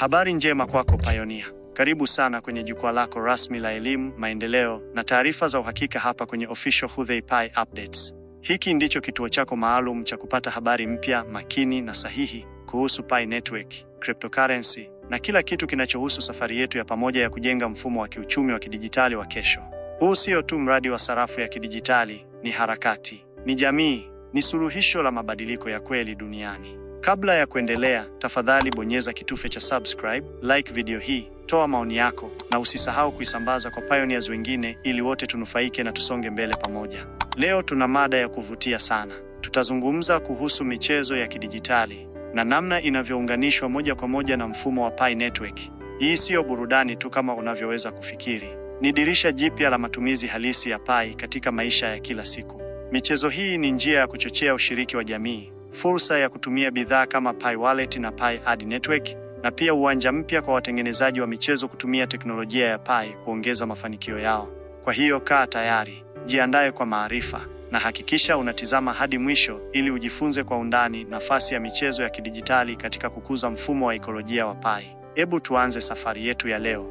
Habari njema kwako Pioneer. Karibu sana kwenye jukwaa lako rasmi la elimu, maendeleo na taarifa za uhakika hapa kwenye Official Khudhey Pi Updates. Hiki ndicho kituo chako maalum cha kupata habari mpya, makini na sahihi kuhusu Pi Network, cryptocurrency na kila kitu kinachohusu safari yetu ya pamoja ya kujenga mfumo wa kiuchumi wa kidijitali wa kesho. Huu sio tu mradi wa sarafu ya kidijitali, ni harakati, ni jamii, ni suluhisho la mabadiliko ya kweli duniani. Kabla ya kuendelea, tafadhali bonyeza kitufe cha subscribe, like video hii, toa maoni yako na usisahau kuisambaza kwa pioneers wengine ili wote tunufaike na tusonge mbele pamoja. Leo tuna mada ya kuvutia sana. Tutazungumza kuhusu michezo ya kidijitali na namna inavyounganishwa moja kwa moja na mfumo wa Pi Network. Hii siyo burudani tu kama unavyoweza kufikiri. Ni dirisha jipya la matumizi halisi ya Pi katika maisha ya kila siku. Michezo hii ni njia ya kuchochea ushiriki wa jamii fursa ya kutumia bidhaa kama Pi Wallet na Pi Ad Network, na pia uwanja mpya kwa watengenezaji wa michezo kutumia teknolojia ya Pi kuongeza mafanikio yao. Kwa hiyo kaa tayari, jiandae kwa maarifa na hakikisha unatizama hadi mwisho ili ujifunze kwa undani nafasi ya michezo ya kidijitali katika kukuza mfumo wa ekolojia wa Pi. Hebu tuanze safari yetu ya leo.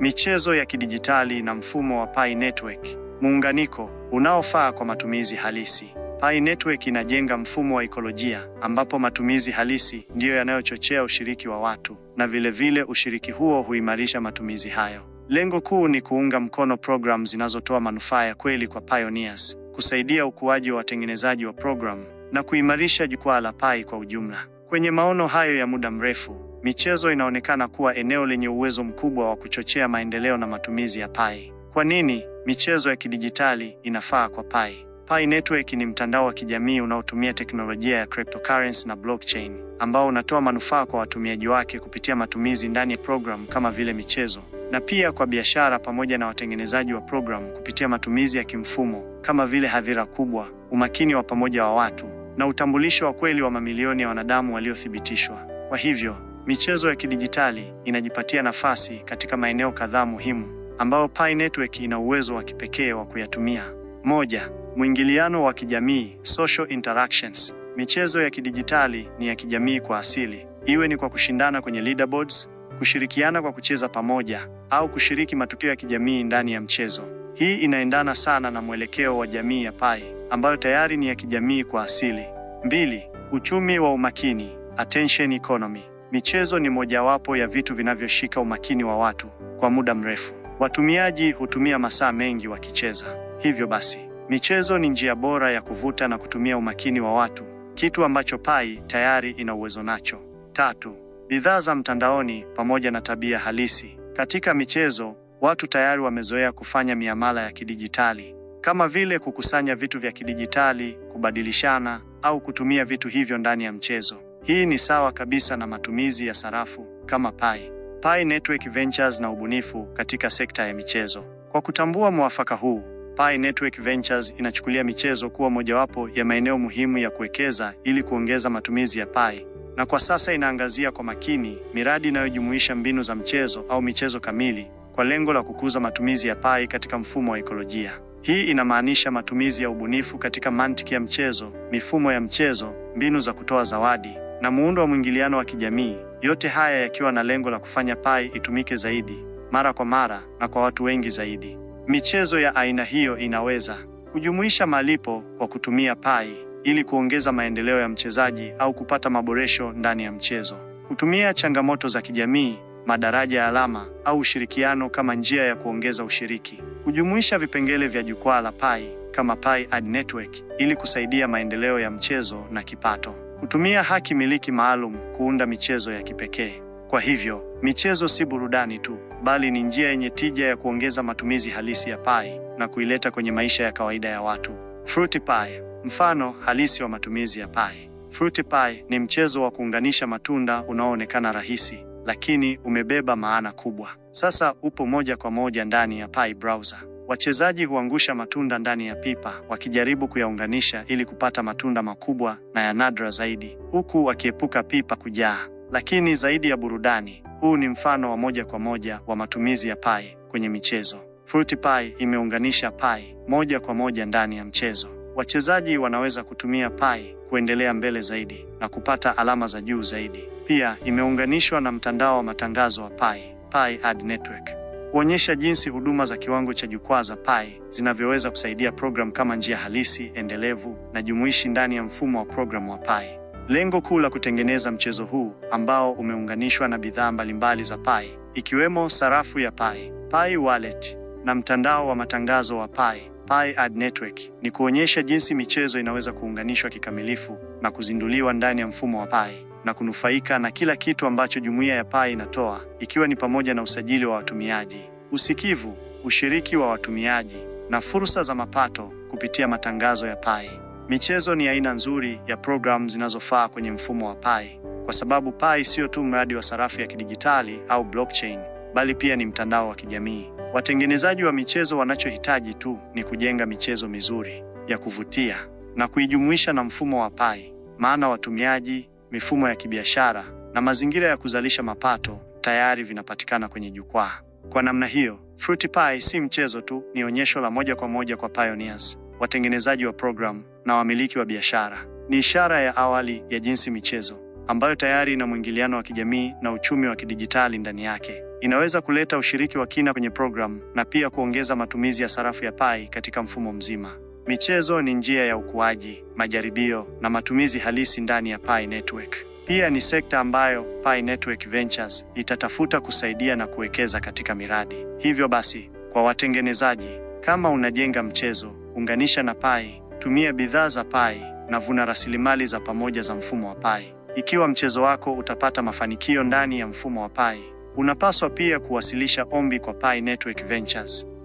Michezo ya kidijitali na mfumo wa Pi Network, muunganiko unaofaa kwa matumizi halisi. Pi Network inajenga mfumo wa ikolojia ambapo matumizi halisi ndiyo yanayochochea ushiriki wa watu na vilevile vile ushiriki huo huimarisha matumizi hayo. Lengo kuu ni kuunga mkono programu zinazotoa manufaa ya kweli kwa pioneers, kusaidia ukuaji wa watengenezaji wa programu na kuimarisha jukwaa la Pi kwa ujumla. Kwenye maono hayo ya muda mrefu, michezo inaonekana kuwa eneo lenye uwezo mkubwa wa kuchochea maendeleo na matumizi ya Pi. Kwa nini michezo ya kidijitali inafaa kwa Pi? Pi Network ni mtandao wa kijamii unaotumia teknolojia ya cryptocurrency na blockchain, ambao unatoa manufaa kwa watumiaji wake kupitia matumizi ndani ya program kama vile michezo, na pia kwa biashara pamoja na watengenezaji wa program kupitia matumizi ya kimfumo kama vile hadhira kubwa, umakini wa pamoja wa watu, na utambulisho wa kweli wa mamilioni ya wanadamu waliothibitishwa. Kwa hivyo, michezo ya kidijitali inajipatia nafasi katika maeneo kadhaa muhimu ambayo Pi Network ina uwezo wa kipekee wa kuyatumia. Moja, Mwingiliano wa kijamii, social interactions. Michezo ya kidijitali ni ya kijamii kwa asili, iwe ni kwa kushindana kwenye leaderboards, kushirikiana kwa kucheza pamoja, au kushiriki matukio ya kijamii ndani ya mchezo. Hii inaendana sana na mwelekeo wa jamii ya Pai ambayo tayari ni ya kijamii kwa asili. Mbili, uchumi wa umakini, attention economy. Michezo ni mojawapo ya vitu vinavyoshika umakini wa watu kwa muda mrefu. Watumiaji hutumia masaa mengi wakicheza, hivyo basi Michezo ni njia bora ya kuvuta na kutumia umakini wa watu, kitu ambacho Pai tayari ina uwezo nacho. Tatu, bidhaa za mtandaoni pamoja na tabia halisi. Katika michezo, watu tayari wamezoea kufanya miamala ya kidijitali, kama vile kukusanya vitu vya kidijitali, kubadilishana au kutumia vitu hivyo ndani ya mchezo. Hii ni sawa kabisa na matumizi ya sarafu kama Pai. Pai Network Ventures na ubunifu katika sekta ya michezo. Kwa kutambua mwafaka huu Pi Network Ventures inachukulia michezo kuwa mojawapo ya maeneo muhimu ya kuwekeza ili kuongeza matumizi ya Pi, na kwa sasa inaangazia kwa makini miradi inayojumuisha mbinu za mchezo au michezo kamili kwa lengo la kukuza matumizi ya Pi katika mfumo wa ekolojia. Hii inamaanisha matumizi ya ubunifu katika mantiki ya mchezo, mifumo ya mchezo, mbinu za kutoa zawadi na muundo wa mwingiliano wa kijamii, yote haya yakiwa na lengo la kufanya Pi itumike zaidi, mara kwa mara na kwa watu wengi zaidi. Michezo ya aina hiyo inaweza kujumuisha malipo kwa kutumia pai ili kuongeza maendeleo ya mchezaji au kupata maboresho ndani ya mchezo, kutumia changamoto za kijamii, madaraja ya alama au ushirikiano kama njia ya kuongeza ushiriki, kujumuisha vipengele vya jukwaa la pai kama pai Ad Network ili kusaidia maendeleo ya mchezo na kipato, kutumia haki miliki maalum kuunda michezo ya kipekee. Kwa hivyo, michezo si burudani tu bali ni njia yenye tija ya kuongeza matumizi halisi ya pai na kuileta kwenye maisha ya kawaida ya watu. Fruit pie, mfano halisi wa matumizi ya pai. Fruit pie ni mchezo wa kuunganisha matunda unaoonekana rahisi, lakini umebeba maana kubwa. Sasa upo moja kwa moja ndani ya pie browser. Wachezaji huangusha matunda ndani ya pipa wakijaribu kuyaunganisha ili kupata matunda makubwa na ya nadra zaidi, huku wakiepuka pipa kujaa. Lakini zaidi ya burudani, huu ni mfano wa moja kwa moja wa matumizi ya pai kwenye michezo. Fruit Pie imeunganisha pai moja kwa moja ndani ya mchezo. Wachezaji wanaweza kutumia pai kuendelea mbele zaidi na kupata alama za juu zaidi. Pia imeunganishwa na mtandao wa matangazo wa pai, Pai Ad Network, huonyesha jinsi huduma za kiwango cha jukwaa za pai zinavyoweza kusaidia programu kama njia halisi, endelevu na jumuishi ndani ya mfumo wa programu wa pai. Lengo kuu la kutengeneza mchezo huu ambao umeunganishwa na bidhaa mbalimbali za Pi ikiwemo sarafu ya Pi, Pi Wallet na mtandao wa matangazo wa Pi, Pi Ad Network ni kuonyesha jinsi michezo inaweza kuunganishwa kikamilifu na kuzinduliwa ndani ya mfumo wa Pi na kunufaika na kila kitu ambacho jumuiya ya Pi inatoa ikiwa ni pamoja na usajili wa watumiaji, usikivu, ushiriki wa watumiaji na fursa za mapato kupitia matangazo ya Pi. Michezo ni aina nzuri ya programu zinazofaa kwenye mfumo wa Pi kwa sababu Pi sio tu mradi wa sarafu ya kidijitali au blockchain, bali pia ni mtandao wa kijamii. Watengenezaji wa michezo wanachohitaji tu ni kujenga michezo mizuri ya kuvutia na kuijumuisha na mfumo wa Pi, maana watumiaji, mifumo ya kibiashara na mazingira ya kuzalisha mapato tayari vinapatikana kwenye jukwaa. Kwa namna hiyo, Fruity Pi si mchezo tu, ni onyesho la moja kwa moja kwa pioneers watengenezaji wa programu na wamiliki wa biashara. Ni ishara ya awali ya jinsi michezo ambayo tayari ina mwingiliano wa kijamii na uchumi wa kidijitali ndani yake inaweza kuleta ushiriki wa kina kwenye programu na pia kuongeza matumizi ya sarafu ya Pai katika mfumo mzima. Michezo ni njia ya ukuaji, majaribio na matumizi halisi ndani ya Pai Network. Pia ni sekta ambayo Pai Network Ventures itatafuta kusaidia na kuwekeza katika miradi. Hivyo basi, kwa watengenezaji, kama unajenga mchezo unganisha na Pai, tumia bidhaa za Pai na vuna rasilimali za pamoja za mfumo wa Pai. Ikiwa mchezo wako utapata mafanikio ndani ya mfumo wa Pai, unapaswa pia kuwasilisha ombi kwa Pai Network Ventures.